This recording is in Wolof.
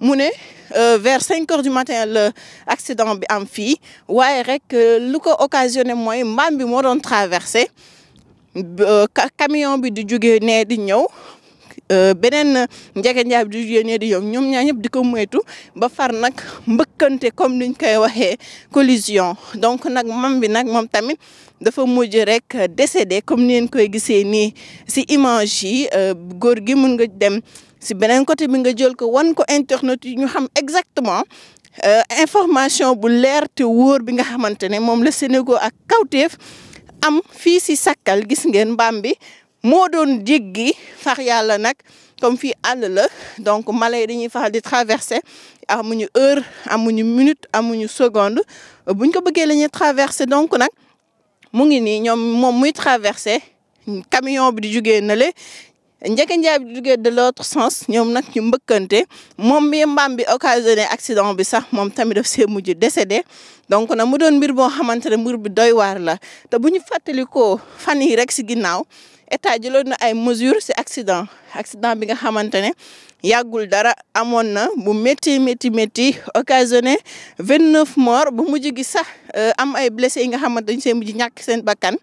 mu ne euh, vers cinq heures du matin la accident bi am fii waaye rek euh, lu ko occasionné mooy mbaam bi moo doon traversé euh, camion bi di jóge nee di ñëw beneen njegenjaay bi di jóge nee di ñëw ñoom ñaa ñëpp di ko moytu ba far nag mbëkkante comme niñ koy waxee collision donc nag mam bi nag moom tamit dafa mujj rek décédé comme ni ngeen koy gisee nii si image yi góor gi mun nga dem si beneen côté bi nga jël ko wan ko internet yi ñu xam exactement euh, information bu leer te wóor bi nga xamante ne moom la Sénégal ak kawteef am fii si Sakal gis ngeen mbaam bi moo doon jéggi far yàlla nag comme fii àll la donc mala yi dañuy faral di traverser amuñu heure amuñu minute amuñu seconde buñ ko bëggee la traverser donc nag mu ngi nii ñoom moom muy traverser camion bi di jugee na le Ndiaga Ndiaye bi jugee de l'autre sens ñoom na ñu mbëkkante moom mi mbaam bi occasionné accident bi sax moom tamit daf see mujj décédé donc nag mu doon mbir boo xamante ne mbir bi doy waar la te bu ñu fàttalikoo fan yi rek si ginnaaw état jëloon na ay mesures si accident accident bi nga xamante ne yàggul dara amoon na bu métti métti métti occasionné vingt neuf morts bu mujj gi sax euh, am ay blessés yi nga xamante dañ see mujj ñàkk seen bakkan